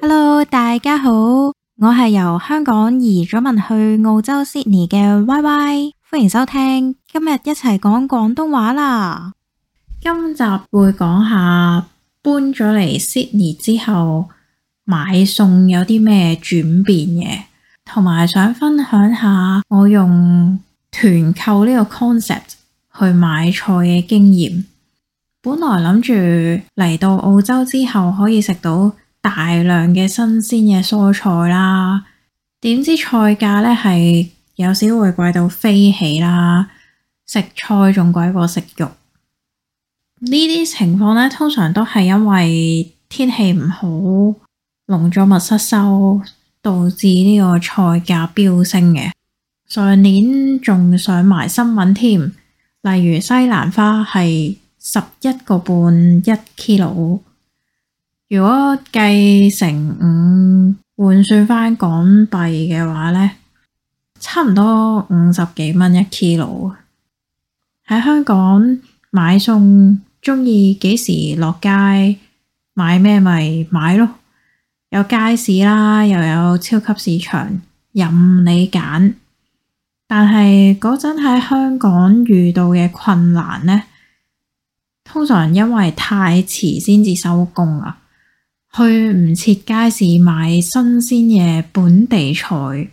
Hello，大家好，我係由香港移咗民去澳洲 Sydney 嘅 Y Y，歡迎收聽，今日一齊講廣東話啦。今集會講下搬咗嚟 Sydney 之後買餸有啲咩轉變嘅，同埋想分享下我用團購呢個 concept。去買菜嘅經驗，本來諗住嚟到澳洲之後可以食到大量嘅新鮮嘅蔬菜啦，點知菜價呢係有少少會貴到飛起啦。食菜仲貴過食肉呢啲情況呢，通常都係因為天氣唔好，農作物失收，導致呢個菜價飆升嘅。上年仲上埋新聞添。例如西蘭花係十一個半一 kilo。如果計成五換算返港幣嘅話咧，差唔多五十幾蚊一 kilo。喺香港買餸，中意幾時落街買咩咪買咯，有街市啦，又有超級市場，任你揀。但係嗰陣喺香港遇到嘅困難呢，通常因為太遲先至收工啊，去唔切街市買新鮮嘅本地菜。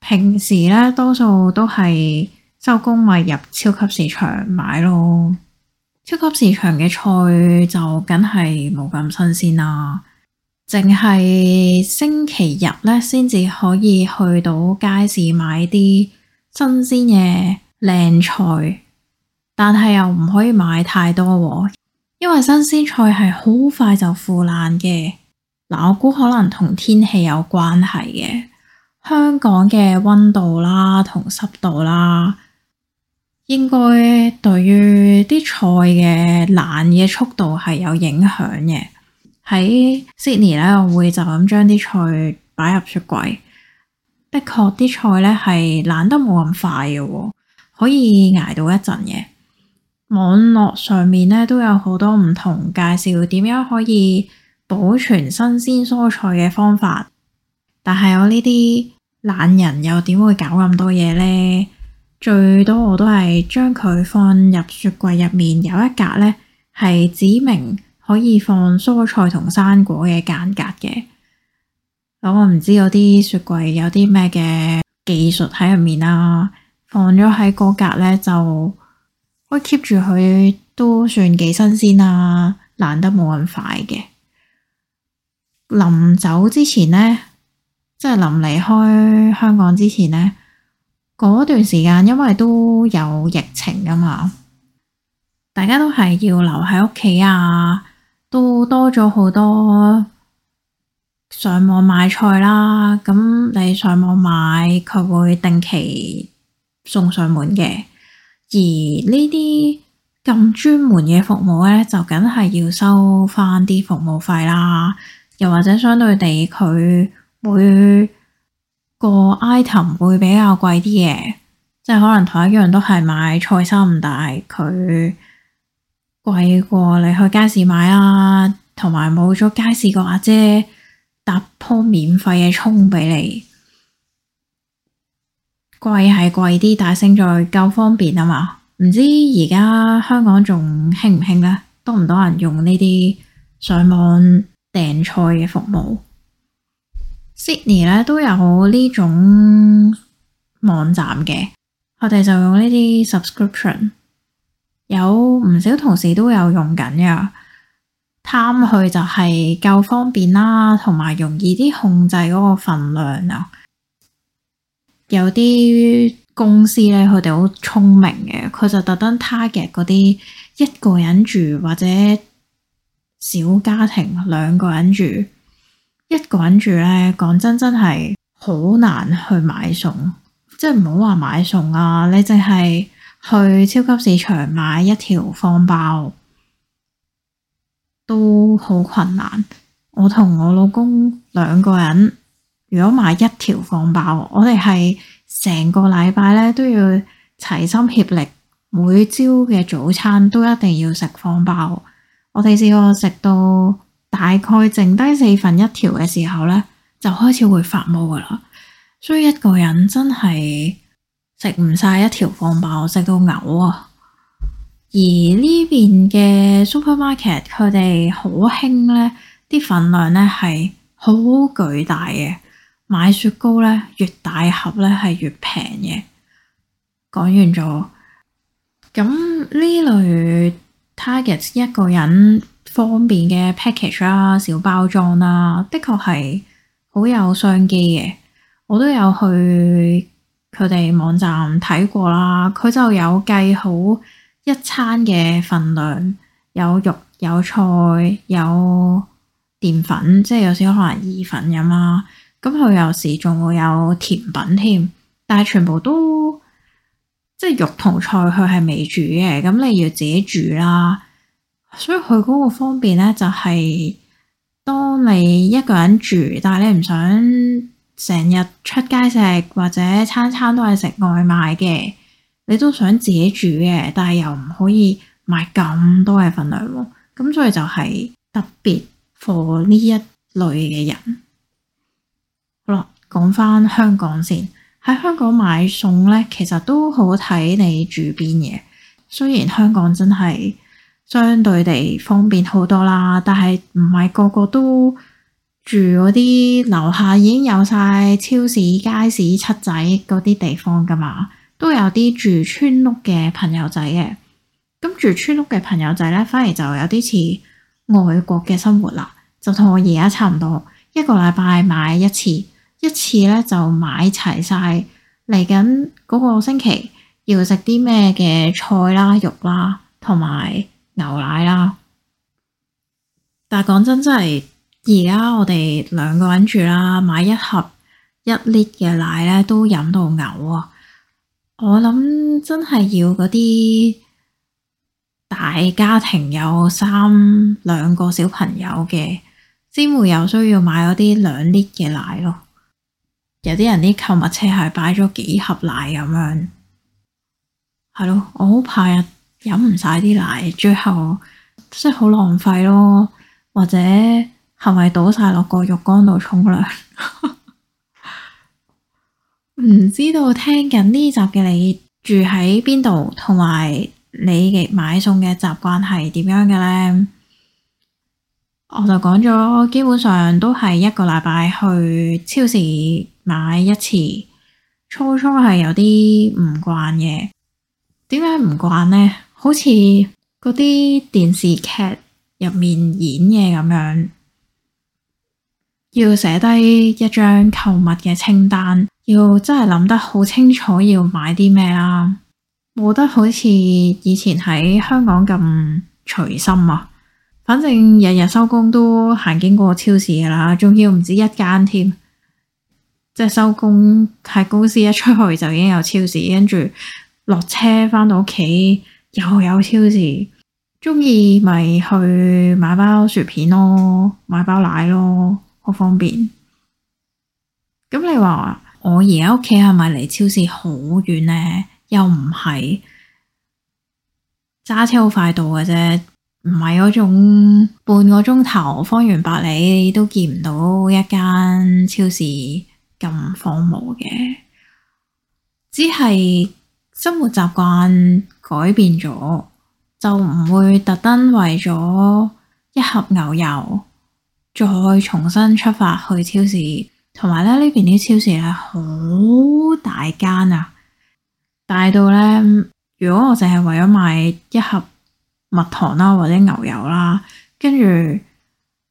平時呢，多數都係收工咪入超級市場買咯，超級市場嘅菜就梗係冇咁新鮮啦。淨係星期日呢先至可以去到街市買啲。新鮮嘅靚菜，但係又唔可以買太多，因為新鮮菜係好快就腐爛嘅。嗱，我估可能同天氣有關係嘅，香港嘅溫度啦，同濕度啦，應該對於啲菜嘅爛嘅速度係有影響嘅。喺 Sydney 咧，我會就咁將啲菜擺入雪櫃。的確啲菜咧係懶得冇咁快嘅，可以捱到一陣嘅。網絡上面咧都有好多唔同介紹，點樣可以保存新鮮蔬菜嘅方法。但係我呢啲懶人又點會搞咁多嘢呢？最多我都係將佢放入雪櫃入面，有一格咧係指明可以放蔬菜同生果嘅間隔嘅。咁我唔知有啲雪櫃有啲咩嘅技術喺入面啊，放咗喺嗰格咧就可以 keep 住佢，都算幾新鮮啊，爛得冇咁快嘅。臨走之前咧，即係臨離開香港之前咧，嗰段時間因為都有疫情噶嘛，大家都係要留喺屋企啊，都多咗好多。上網買菜啦，咁你上網買佢會定期送上門嘅。而呢啲咁專門嘅服務咧，就梗係要收翻啲服務費啦。又或者相對地，佢每個 item 會比較貴啲嘅，即係可能同一樣都係買菜心，但係佢貴過你去街市買啊，同埋冇咗街市個阿姐，姐。搭破免費嘅蔥俾你，貴係貴啲，但係勝在夠方便啊嘛。唔知而家香港仲興唔興呢？多唔多人用呢啲上網訂菜嘅服務？Sydney 咧都有呢種網站嘅，我哋就用呢啲 subscription，有唔少同事都有用緊呀。貪去就係夠方便啦，同埋容易啲控制嗰個份量啊！有啲公司咧，佢哋好聰明嘅，佢就特登 target 嗰啲一個人住或者小家庭，兩個人住，一個人住咧，講真真係好難去買餸，即係唔好話買餸啊！你淨係去超級市場買一條方包。都好困難，我同我老公兩個人，如果買一條方包，我哋係成個禮拜咧都要齊心協力，每朝嘅早餐都一定要食方包。我哋試過食到大概剩低四份一條嘅時候咧，就開始會發毛噶啦。所以一個人真係食唔晒一條方包，食到嘔啊！而呢邊嘅 supermarket 佢哋好興咧，啲份量咧係好巨大嘅。買雪糕咧，越大盒咧係越平嘅。講完咗，咁呢類 target 一個人方便嘅 package 啦、小包裝啦，的確係好有商機嘅。我都有去佢哋網站睇過啦，佢就有計好。一餐嘅份量有肉有菜有澱粉，即係有少可能意粉咁啦。咁佢有時仲會有甜品添，但係全部都即係肉同菜佢係未煮嘅，咁你要自己煮啦。所以佢嗰個方便咧，就係當你一個人住，但係你唔想成日出街食或者餐餐都係食外賣嘅。你都想自己煮嘅，但係又唔可以買咁多嘅份量喎，咁所以就係特別 for 呢一類嘅人。好啦，講翻香港先，喺香港買餸咧，其實都好睇你住邊嘢。雖然香港真係相對地方便好多啦，但係唔係個個都住嗰啲樓下已經有晒超市、街市、七仔嗰啲地方噶嘛。都有啲住村屋嘅朋友仔嘅，咁住村屋嘅朋友仔咧，反而就有啲似外國嘅生活啦。就同我而家差唔多，一個禮拜買一次，一次咧就買齊晒嚟緊嗰個星期要食啲咩嘅菜啦、肉啦，同埋牛奶啦。但係講真，真係而家我哋兩個人住啦，買一盒一 litre 嘅奶咧，都飲到嘔啊！我諗真係要嗰啲大家庭有三兩個小朋友嘅，先會有需要買嗰啲兩 litre 嘅奶咯。有啲人啲購物車係擺咗幾盒奶咁樣，係咯，我好怕飲唔晒啲奶，最後即係好浪費咯，或者係咪倒晒落個浴缸度沖涼？ 唔知道聽緊呢集嘅你住喺邊度，同埋你嘅買餸嘅習慣係點樣嘅呢？我就講咗，基本上都係一個禮拜去超市買一次，初初係有啲唔慣嘅。點解唔慣呢？好似嗰啲電視劇入面演嘢咁樣，要寫低一張購物嘅清單。要真係諗得好清楚，要買啲咩啊？冇得好似以前喺香港咁隨心啊！反正日日收工都行經過超市嘅啦，仲要唔止一間添。即係收工喺公司一出去就已經有超市，跟住落車返到屋企又有超市。中意，咪去買包薯片咯，買包奶咯，好方便。咁你話啊？我而家屋企係咪離超市好遠呢？又唔係揸車好快到嘅啫，唔係嗰種半個鐘頭方圓百里都見唔到一間超市咁荒蕪嘅，只係生活習慣改變咗，就唔會特登為咗一盒牛油再重新出發去超市。同埋咧，呢邊啲超市係好大間啊，大到咧，如果我淨係為咗買一盒蜜糖啦、啊，或者牛油啦、啊，跟住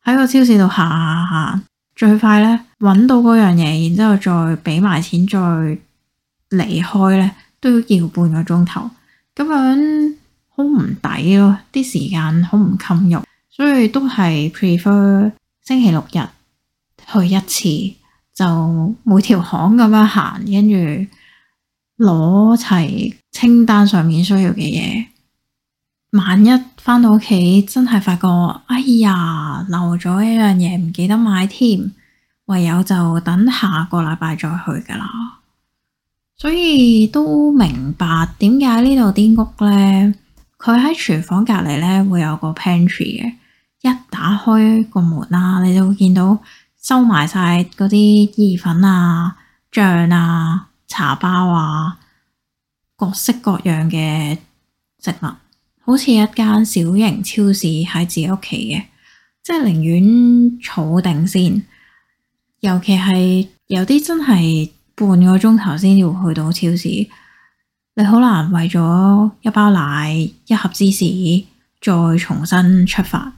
喺個超市度行下行，最快咧揾到嗰樣嘢，然之後再俾埋錢再離開咧，都要叫半個鐘頭，咁樣好唔抵咯，啲時間好唔襟用，所以都係 prefer 星期六日去一次。就每條巷咁樣行，跟住攞齊清單上面需要嘅嘢。萬一返到屋企真係發覺，哎呀，漏咗一樣嘢，唔記得買添，唯有就等下個禮拜再去㗎喇。所以都明白點解呢度啲屋咧，佢喺廚房隔籬咧會有個 pantry 嘅，一打開個門啊，你就會見到。收埋晒嗰啲意粉啊、醬啊、茶包啊，各式各樣嘅食物，好似一間小型超市喺自己屋企嘅，即係寧願儲定先。尤其係有啲真係半個鐘頭先要去到超市，你好難為咗一包奶、一盒芝士，再重新出發。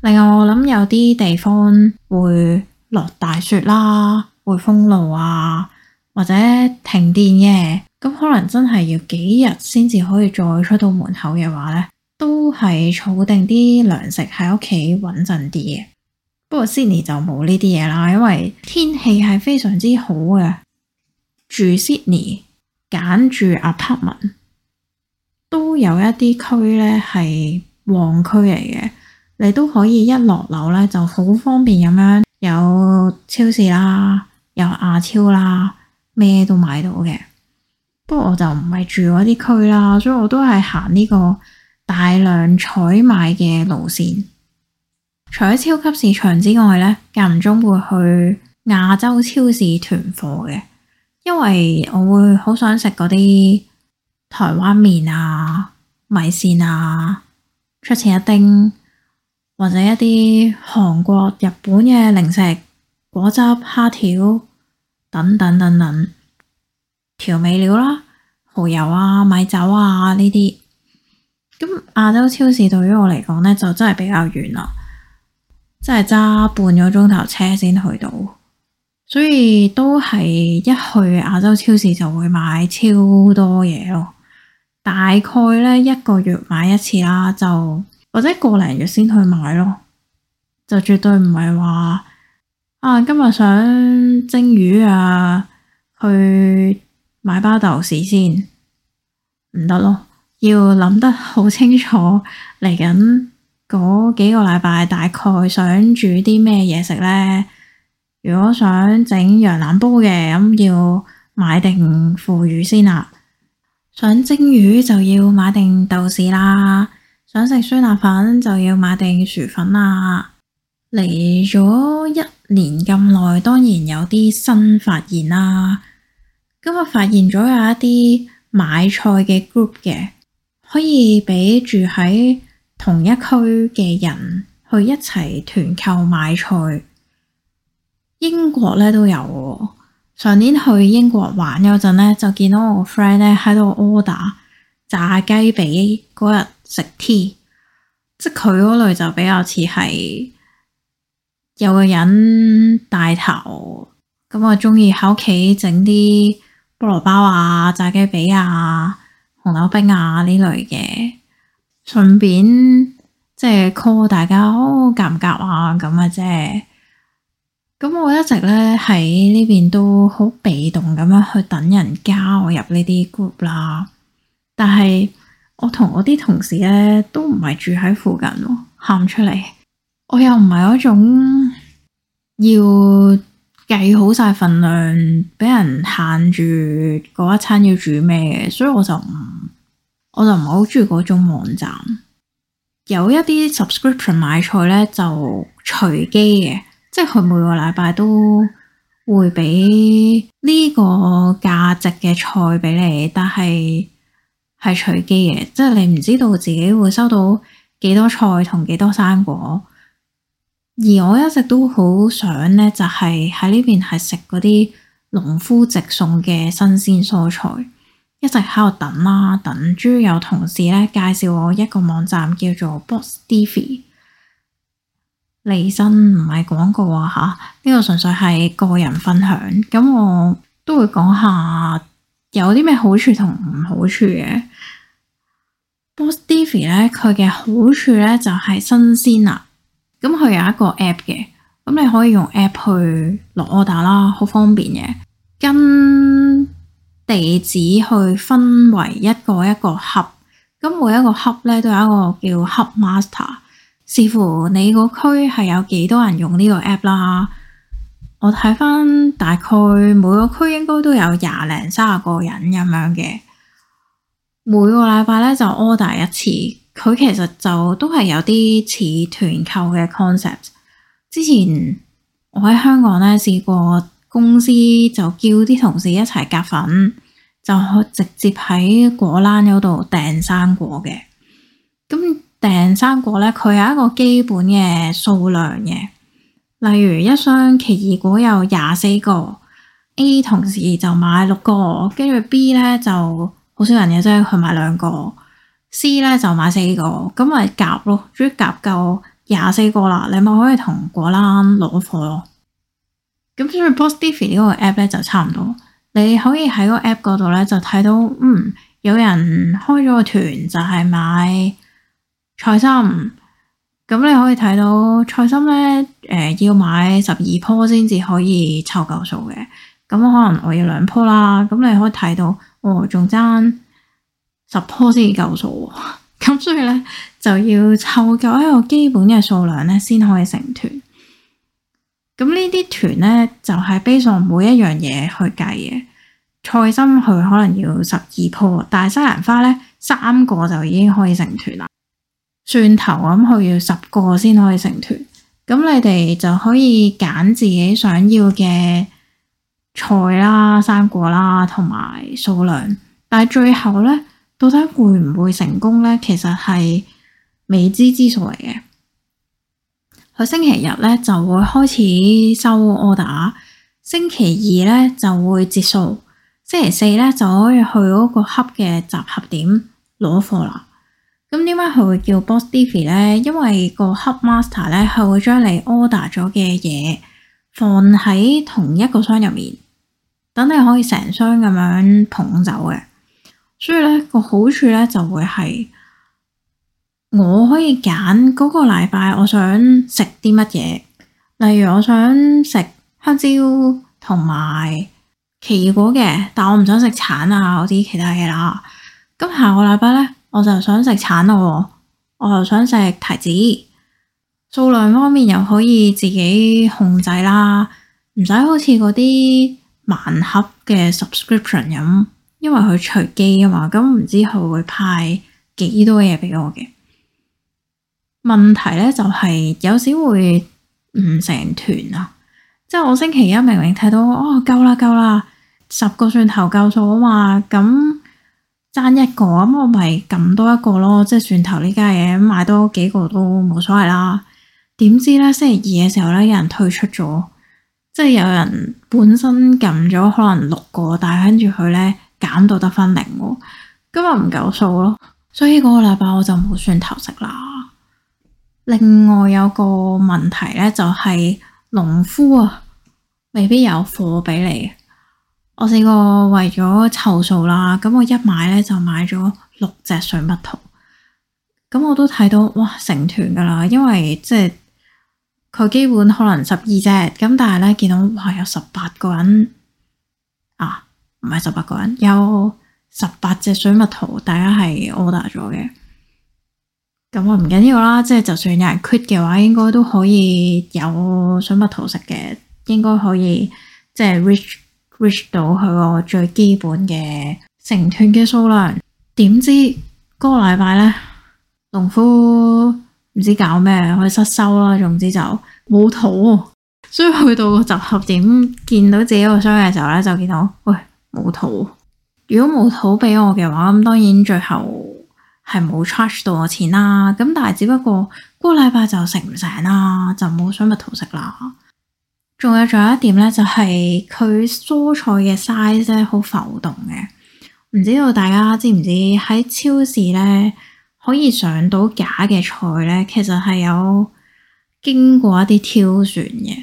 另外，我諗有啲地方會落大雪啦，會封路啊，或者停電嘅，咁、嗯、可能真係要幾日先至可以再出到門口嘅話呢，都係儲定啲糧食喺屋企穩陣啲嘅。不過 Sydney 就冇呢啲嘢啦，因為天氣係非常之好嘅，住 Sydney 揀住 apartment 都有一啲區咧係旺區嚟嘅。你都可以一落樓咧，就好方便咁樣有超市啦，有亞超啦，咩都買到嘅。不過我就唔係住嗰啲區啦，所以我都係行呢個大量採買嘅路線。除咗超級市場之外咧，間唔中會去亞洲超市囤貨嘅，因為我會好想食嗰啲台灣麵啊、米線啊、出前一丁。或者一啲韓國、日本嘅零食、果汁、蝦條等等等等調味料啦、蠔油啊、米酒啊呢啲，咁亞洲超市對於我嚟講呢，就真係比較遠啦，真係揸半個鐘頭車先去到，所以都係一去亞洲超市就會買超多嘢咯，大概呢，一個月買一次啦就。或者個零月先去買咯，就絕對唔係話啊今日想蒸魚啊，去買包豆豉先唔得咯，要諗得好清楚嚟緊嗰幾個禮拜大概想煮啲咩嘢食咧。如果想整羊腩煲嘅，咁要買定腐乳先啦。想蒸魚就要買定豆豉啦。想食酸辣粉就要買定薯粉啦。嚟咗一年咁耐，當然有啲新發現啦。今日發現咗有一啲買菜嘅 group 嘅，可以畀住喺同一區嘅人去一齊團購買菜。英國咧都有喎。上年去英國玩嗰陣咧，就見到我個 friend 咧喺度 order 炸雞髀嗰日。食 tea，即係佢嗰類就比較似係有個人帶頭，咁我中意喺屋企整啲菠蘿包啊、炸雞髀啊、紅豆冰啊呢類嘅，順便即係 call 大家好，夾唔夾啊咁啊啫。咁我一直咧喺呢邊都好被動咁樣去等人加我入呢啲 group 啦，但係。我同我啲同事咧都唔係住喺附近喎，喊出嚟。我又唔係嗰種要計好晒份量、俾人限住嗰一餐要煮咩嘅，所以我就唔，我就唔係好中意嗰種網站。有一啲 subscription 買菜咧就隨機嘅，即係佢每個禮拜都會俾呢個價值嘅菜俾你，但係。係隨機嘅，即係你唔知道自己會收到幾多菜同幾多生果。而我一直都好想咧，就係喺呢邊係食嗰啲農夫直送嘅新鮮蔬菜。一直喺度等啦，等。終於有同事咧介紹我一個網站叫做 Box Divvy。利申唔係廣告啊吓，呢、這個純粹係個人分享。咁我都會講下。有啲咩好處同唔好處嘅？Box Divvy 咧，佢嘅好處咧就係新鮮啦。咁佢有一個 app 嘅，咁你可以用 app 去落 order 啦，好方便嘅。跟地址去分為一個一個盒，咁每一個盒咧都有一個叫 hub master，視乎你個區係有幾多人用呢個 app 啦。我睇翻大概每個區應該都有廿零三十個人咁樣嘅，每個禮拜咧就 order 一次。佢其實就都係有啲似團購嘅 concept。之前我喺香港咧試過，公司就叫啲同事一齊夾份，就直接喺果欄嗰度訂生果嘅。咁訂生果咧，佢有一個基本嘅數量嘅。例如一箱奇異果有廿四個 A，同時就買六個，跟住 B 咧就好少人嘅，啊，啫。即係去買兩個 C 咧就買四個，咁咪夾咯，只要夾，夾夠廿四個啦，你咪可，可以同果欄攞貨咯。咁所以 Box Divvy 呢個 app 咧就差唔多，你可以喺個 app 度咧就睇到嗯有人開咗個團就係買菜心。咁你可以睇到菜心咧，誒、呃、要買十二棵先至可以湊夠數嘅。咁可能我要兩棵啦，咁你可以睇到哦，仲爭十棵先至夠數。咁所以咧就要湊夠一個基本嘅數量咧先可以成團。咁呢啲團咧就係 base on 每一樣嘢去計嘅。菜心佢可能要十二棵，但係西蘭花咧三個就已經可以成團啦。轉頭咁佢要十個先可以成團，咁你哋就可以揀自己想要嘅菜啦、生果啦，同埋數量。但係最後咧，到底會唔會成功咧？其實係未知之數嚟嘅。佢星期日咧就會開始收 order，星期二咧就會結束，星期四咧就可以去嗰個盒嘅集合點攞貨啦。咁點解佢會叫 Box Divvy 咧？因為個 hub master 咧，係會將你 order 咗嘅嘢放喺同一個箱入面，等你可以成箱咁樣捧走嘅。所以咧個好處咧就會係我可以揀嗰個禮拜我想食啲乜嘢，例如我想食香蕉同埋奇異果嘅，但我唔想食橙啊嗰啲其他嘢啦。咁下個禮拜咧。我就想食橙咯，我又想食提子。數量方面又可以自己控制啦，唔使好似嗰啲盲盒嘅 subscription 咁，因為佢隨機啊嘛，咁唔知佢會派幾多嘢畀我嘅。問題咧就係、是、有時會唔成團啊，即係我星期一明明睇到哦夠啦夠啦，十個蒜頭夠數啊嘛，咁。單一個咁，我咪撳多一個咯，即係蒜頭呢家嘢，買多幾個都冇所謂啦。點知咧星期二嘅時候咧，有人退出咗，即係有人本身撳咗可能六個，但係跟住佢咧減到得分零，咁啊唔夠數咯。所以嗰個禮拜我就冇蒜頭食啦。另外有個問題咧，就係、是、農夫啊，未必有貨俾你嘅。我試過為咗湊數啦，咁我一買咧就買咗六隻水蜜桃，咁我都睇到哇成團噶啦，因為即係佢基本可能十二隻，咁但係咧見到哇有十八個人啊，唔係十八個人有十八隻水蜜桃，大家係 order 咗嘅。咁我唔緊要啦，即係就算有人 quit 嘅話，應該都可以有水蜜桃食嘅，應該可以即係 rich。reach 到佢個最基本嘅成團嘅數量，點知嗰個禮拜呢，農夫唔知搞咩，佢失收啦，總之就冇土，所以去到個集合點見到自己個箱嘅時候呢，就見到，喂，冇土，如果冇土俾我嘅話，咁當然最後係冇 charge 到我錢啦。咁但係只不過嗰個禮拜就食唔成啦，就冇水蜜桃食啦。仲有仲有一點咧，就係佢蔬菜嘅 size 咧，好浮動嘅。唔知道大家知唔知喺超市咧可以上到假嘅菜咧？其實係有經過一啲挑選嘅，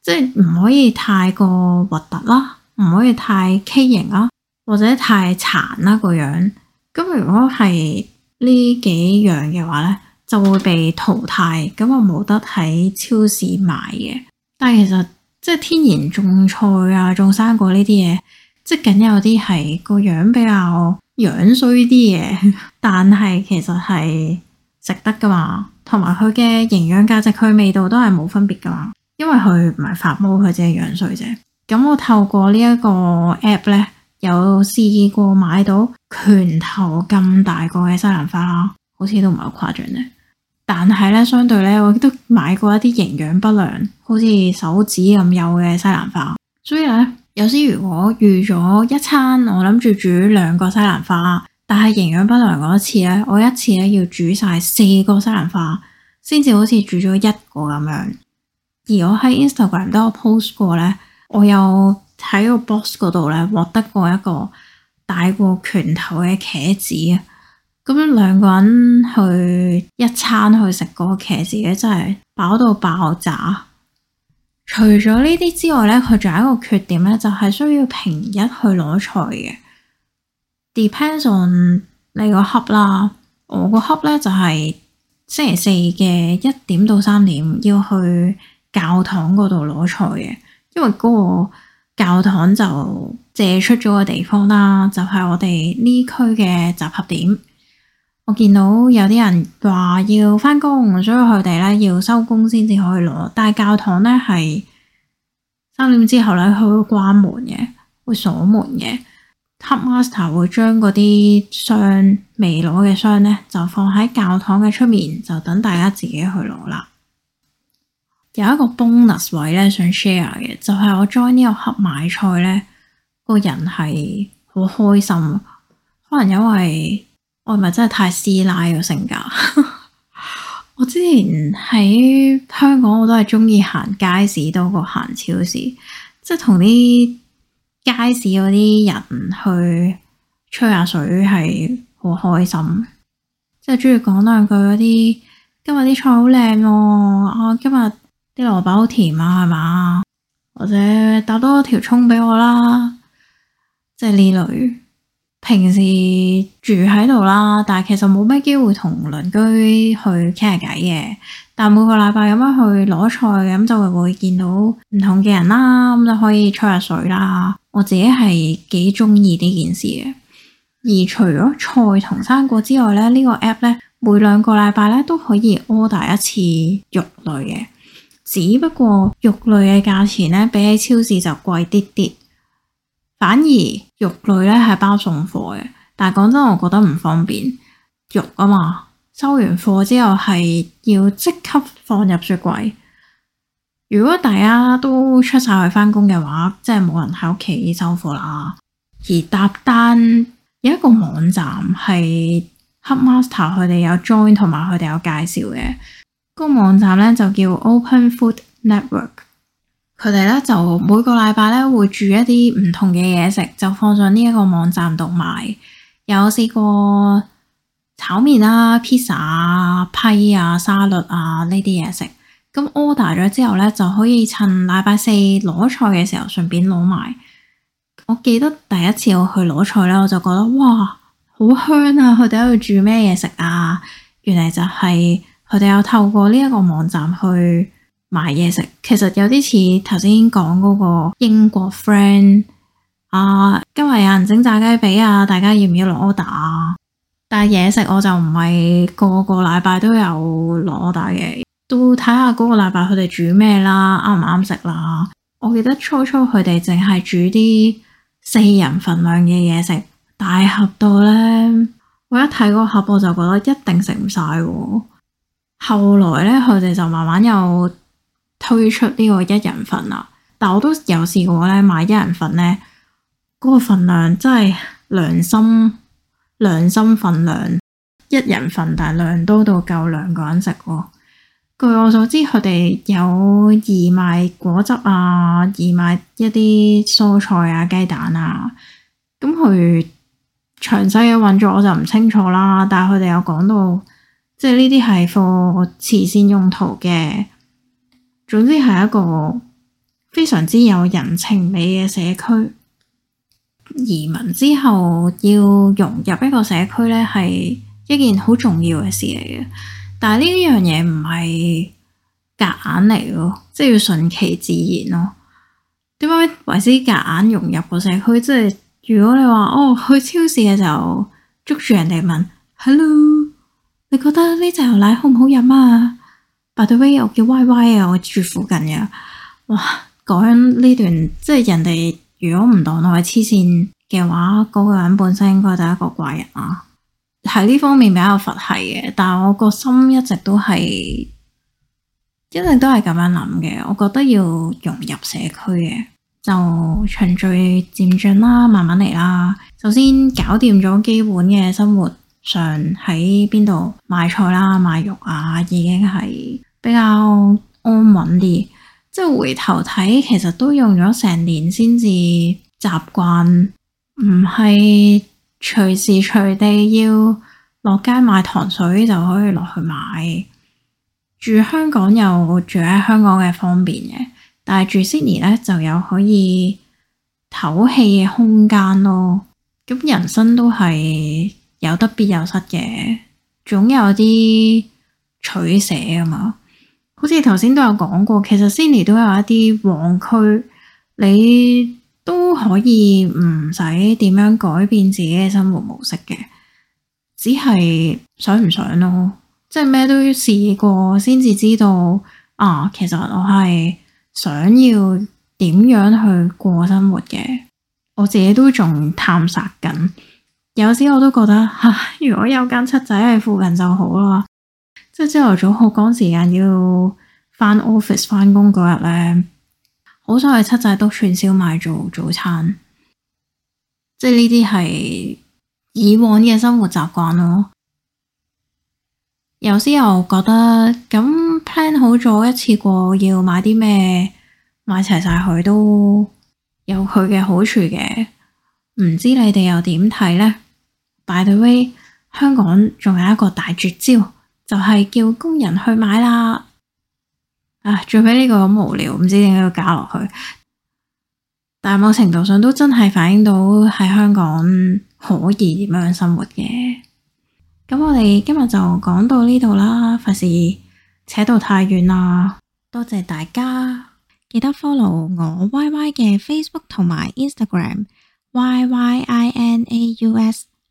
即係唔可以太過核突啦，唔可以太畸形啦，或者太殘啦個樣。咁如果係呢幾樣嘅話咧，就會被淘汰。咁我冇得喺超市買嘅。但係其實。即係天然種菜啊，種生果呢啲嘢，即係梗有啲係個樣比較樣衰啲嘢，但係其實係食得噶嘛，同埋佢嘅營養價值、佢味道都係冇分別噶嘛，因為佢唔係發毛，佢只係樣衰啫。咁我透過呢一個 app 咧，有試過買到拳頭咁大個嘅西蘭花啦，好似都唔係好誇張嘅。但係咧，相對咧，我都買過一啲營養不良，好似手指咁幼嘅西蘭花。所以咧，有時如果預咗一餐，我諗住煮兩個西蘭花，但係營養不良嗰次咧，我一次咧要煮晒四個西蘭花，先至好似煮咗一個咁樣。而我喺 Instagram 都有 post 過咧，我有喺個 box 嗰度咧獲得過一個大過拳頭嘅茄子。咁兩個人去一餐去食嗰個茄子嘅，真係飽到爆炸。除咗呢啲之外咧，佢仲有一個缺點咧，就係需要平日去攞菜嘅。Depends on 你個盒啦，我個盒咧就係星期四嘅一點到三點要去教堂嗰度攞菜嘅，因為嗰個教堂就借出咗個地方啦，就係、是、我哋呢區嘅集合點。我見到有啲人話要返工，所以佢哋咧要收工先至可以攞。但係教堂咧係三點之後咧，佢會關門嘅，會鎖門嘅。Topmaster 會將嗰啲箱未攞嘅箱咧，就放喺教堂嘅出面，就等大家自己去攞啦。有一個 bonus 位咧想 share 嘅，就係、是、我 join 呢個盒買菜咧，個人係好開心，可能因為。我唔係真係太師奶嘅性格。 我之前喺香港，我都係鍾意行街市多過行超市，即係同啲街市嗰啲人去吹下水，係好開心。即係鍾意講兩句嗰啲，今日啲菜好靚哦，啊今日啲蘿蔔好甜啊，係嘛？或者打多一條葱畀我啦，即係呢類。平時住喺度啦，但係其實冇咩機會同鄰居去傾下偈嘅。但每個禮拜咁樣去攞菜咁就會會見到唔同嘅人啦，咁就可以吹下水啦。我自己係幾中意呢件事嘅。而除咗菜同生果之外咧，呢個 app 咧每兩個禮拜咧都可以 order 一次肉類嘅，只不過肉類嘅價錢咧比起超市就貴啲啲。反而肉類咧係包送貨嘅，但係講真，我覺得唔方便。肉啊嘛，收完貨之後係要即刻放入雪櫃。如果大家都出晒去翻工嘅話，即係冇人喺屋企收貨啦。而搭單有一個網站係 Hubmaster，佢哋有 join 同埋佢哋有介紹嘅，個網站咧就叫 Open Food Network。佢哋咧就每個禮拜咧會煮一啲唔同嘅嘢食，就放上呢一個網站度賣。有試過炒麵啊、披薩啊、批啊、沙律啊呢啲嘢食。咁、嗯、order 咗之後咧，就可以趁禮拜四攞菜嘅時候順便攞埋。我記得第一次我去攞菜咧，我就覺得哇，好香啊！佢哋喺度煮咩嘢食啊？原來就係佢哋有透過呢一個網站去。買嘢食，其實有啲似頭先講嗰個英國 friend 啊，今日有人整炸雞髀啊，大家要唔要攞 order？但係嘢食我就唔係個個禮拜都有攞 order 嘅，都睇下嗰個禮拜佢哋煮咩啦，啱唔啱食啦。我記得初初佢哋淨係煮啲四人份量嘅嘢食，大盒到呢。我一睇個盒我就覺得一定食唔晒。後來呢，佢哋就慢慢又。推出呢個一人份啊！但我都有試過咧買一人份咧，嗰個份量真係良心良心份量，一人份但量多到夠兩個人食喎。據我所知，佢哋有義賣果汁啊，義賣一啲蔬菜啊、雞蛋啊，咁佢詳細嘅運作我就唔清楚啦。但係佢哋有講到，即係呢啲係 for 慈善用途嘅。總之係一個非常之有人情味嘅社區。移民之後要融入一個社區呢，係一件好重要嘅事嚟嘅。但係呢樣嘢唔係夾硬嚟咯，即係要順其自然咯。點解為之夾硬融入個社區？即係如果你話哦，去超市嘅時候捉住人哋問，Hello，你覺得呢隻牛奶好唔好飲啊？By the way, 我叫 Y Y 啊，我住附近嘅。哇，講緊呢段，即係人哋如果唔當我係黐線嘅話，嗰、那個人本身應該就係一個怪人啊。喺呢方面比較佛系嘅，但係我個心一直都係，一直都係咁樣諗嘅。我覺得要融入社區嘅，就循序漸進啦，慢慢嚟啦。首先搞掂咗基本嘅生活。常喺邊度買菜啦，買肉啊，已經係比較安穩啲。即係回頭睇，其實都用咗成年先至習慣，唔係隨時隨地要落街買糖水就可以落去買。住香港又住喺香港嘅方便嘅，但係住悉尼呢，就有可以唞氣嘅空間咯。咁人生都係～有得必有失嘅，總有啲取捨啊嘛。好似頭先都有講過，其實 Cindy 都有一啲盲區，你都可以唔使點樣改變自己嘅生活模式嘅，只係想唔想咯。即係咩都試過先至知道啊。其實我係想要點樣去過生活嘅，我自己都仲探索緊。有時我都覺得吓、啊，如果有間七仔喺附近就好啦。即係朝頭早好趕時間要翻 office 翻工嗰日咧，好彩七仔都串燒賣做早餐。即係呢啲係以往嘅生活習慣咯。有時又覺得咁 plan 好咗一次過要買啲咩，買齊晒佢都有佢嘅好處嘅。唔知你哋又點睇咧？By the way，香港仲有一個大絕招，就係叫工人去買啦。啊，最尾呢個咁無聊，唔知點解要搞落去，但某程度上都真係反映到喺香港可以點樣生活嘅。咁我哋今日就講到呢度啦，費事扯到太遠啦。多謝大家，記得 follow 我 YY 嘅 Facebook 同埋 Instagram Y Y I N A U S。